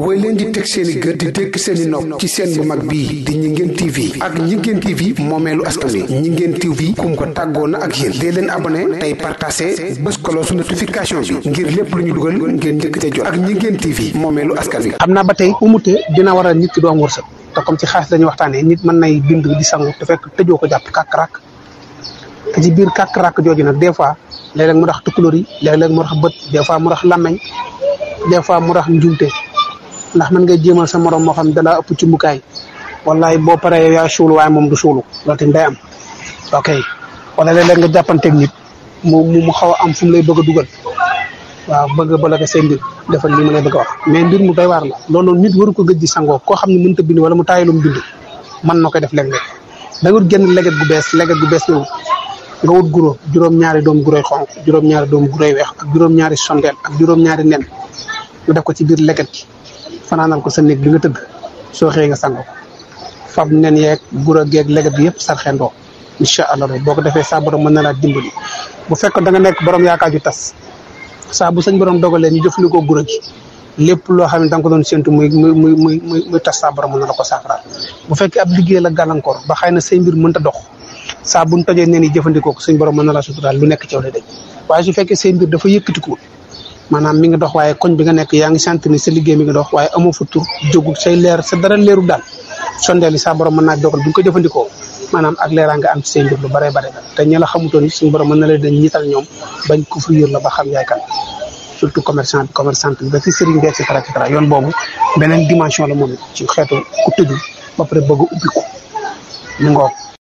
way leen di teg seeni gër di dégg seeni nopp ci seen bu mag bii di ñi ngeen tv ak ñi ngeen tv moomeelu askan wi ñi ngeen tv kum ko tàggoo ak yéen dee leen abonné tey partagé bés koloosu notification bi ngir lépp lu ñu dugal ngeen njëkk ca jot ak ñi ngeen tv moomeelu askan wi xam naa ba tey umute dina waral nit ki doom wërsëg te comme ci xaalis dañu waxtaanee nit mën nay bind di sangu te fekk tëjoo ko jàpp kàkk ràkk te ci biir kàkk ràkk jooju nag des fois léeg-léeg mu tax tukkulóor yi léeg-léeg mu tax bët des fois mu tax làmmeñ des fois mu tax njuumte ndax man ngay jéemal sa morom moo xam dala ëpp ci mbukaay wallahi boo paree yow yaa suulu waaye moom du suulu loolu tamit day am ok wala léeg nga jàppanteeg nit mu mu xaw a am fu mu lay bëgg a dugal waaw bëgg bala ka ko mbir defal li ma lay bëgg wax mais mbir mu doy waar la loolu nit waru ko gëj di sangoo koo xam ne mënta bind wala mu taay lu mu bind man na ko def léeg-léeg da nga génn leget gu bees leget gu bees ñëw nga wut guro juróom ñaari doom guroy xonk juróom ñaari doom guroy weex ak juróom ñaari sondeel ak juróom ñaari nen nga def ko ci biir leget gi fanaanal ko sa néeg bi nga tëdd soo xëyee nga ko fab nen yeeg gura geeg leget bi yëpp sarxendoo insha allah rek boo ko defee saa borom mën na laa dimbali bu fekkoon da nga nekk borom yaakaar ju tas saa bu sëñ borom dogalee ñu jëfandikoo gura gi lépp loo xam ne da nga ko doon séntu muy muy muy muy muy tas saa borom mën na la ko saafaraal bu fekkee ab liggéey la gàllankoor ba xëy na say mbir ta dox saa bu ñu tojee neen yi jëfandikoo ko suñ borom mën na laa lu nekk ci yow lay waaye su fekkee say mbir dafa yëkkatiku maanaam mi ngi dox waaye koñ bi nga nekk yaa ngi sant ni sa liggéey mi ngi dox waaye amoo fa tur jógul say leer sa dara leeru daal sondeel yi sa borom mën naa dogal bu ñu ko jëfandikoo maanaam ak leeraa nga am ci seen lu bare bare te ña la xamutoon suñu borom mën na leen dañ ñital ñoom bañ ko fu yër la ba xam yaay kan surtout commercante bi commerçante bi ba fi sëriñ bi et cetera et yoon boobu beneen dimension la moom ci xeetu ku tëju ba pare bëgg a ubbiku